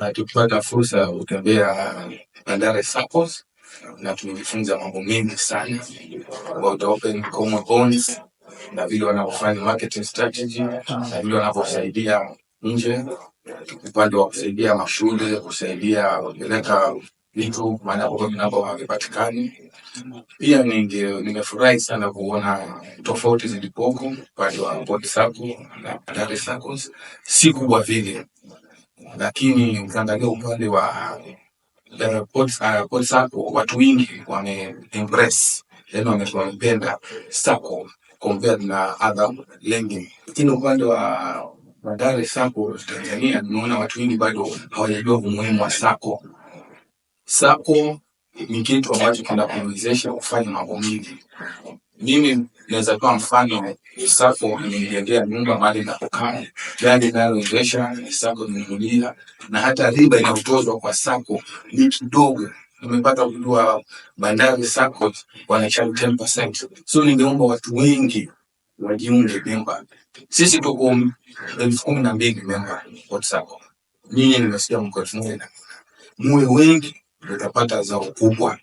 na tukipata fursa ya kutembea eh, Bandari Circles na tumejifunza mambo mengi sana about open common bonds na vile wanavyofanya marketing strategy na vile wanavyosaidia nje upande wa kusaidia mashule, kusaidia kupeleka vitu maana kwa havipatikani. Pia nimefurahi sana kuona tofauti zilipoko upande wa Body na Bandari Circles, si kubwa vile lakini ukiangalia upande wa uh, eh, ah, Sacco watu wingi wame embrace yani wamependa Sacco compared na other lending, lakini upande wa Bandari Sacco Tanzania tunaona watu wengi bado hawajajua umuhimu wa Sacco. Sacco ni kitu ambacho kinakuwezesha kufanya mambo mingi mimi inaweza kuwa mfano sako imejengea nyumba mali na kukaa gari inayoendesha sako imenunulia, na hata riba inayotozwa kwa sako ni kidogo. Tumepata kujua Bandari Sako wanacharge 10%. So ningeomba watu wengi wajiunge memba. Sisi tuko elfu kumi na mbili memba Sako, nyinyi nimesikia mko elfu moja na muwe wengi, utapata zao kubwa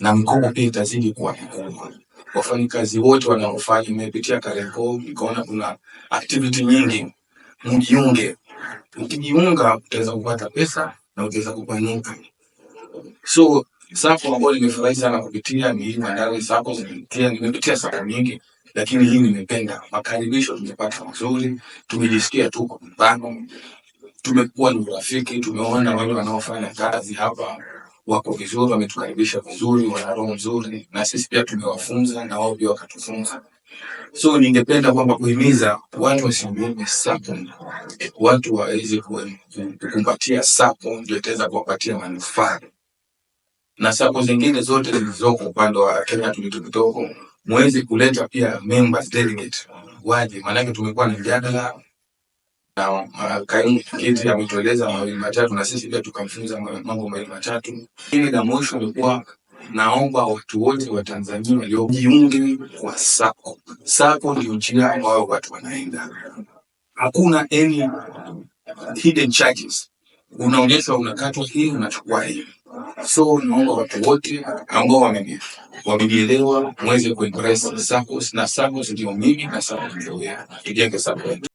na mkopo pia itazidi kuwa mkubwa wafanyikazi wote wanaofanya. imepitia Kariakoo ikaona kuna activity nyingi, mjiunge. Ukijiunga utaweza kupata pesa na utaweza kupanuka. So sako ambayo nimefurahi sana kupitia ni hii Mandalay Sako. Nimepitia nimepitia sako nyingi, lakini hii nimependa. Makaribisho tumepata mazuri, tumejisikia tu kwa mbano, tumekuwa ni urafiki, tumeona wale wanaofanya kazi hapa wako vizuri, wametukaribisha vizuri, wana roho nzuri, na sisi pia tumewafunza na wao pia wakatufunza. So ningependa kwamba kuhimiza watu wasimdume SACCO, watu waweze kukumbatia SACCO ndio itaweza kuwapatia manufaa, na SACCO zingine zote zilizoko upande wa Kenya tulitokitoko, mwezi kuleta pia members delegate waje, maanake tumekuwa na mjadala na Kaimu Kiti ametueleza mawili matatu, na sisi pia tukamfunza mambo mawili matatu. Ili la mwisho ilikuwa naomba watu wote wa Tanzania waliojiunge kwa sako sako, ndio njia ambayo watu wanaenda, hakuna any hidden charges, unaonyeshwa unakatwa hii unachukua hii. So naomba watu wote ambao wamejielewa mweze kuimpress sako, na sako ndio mimi na sako ndio yeye, tujenge SACCO.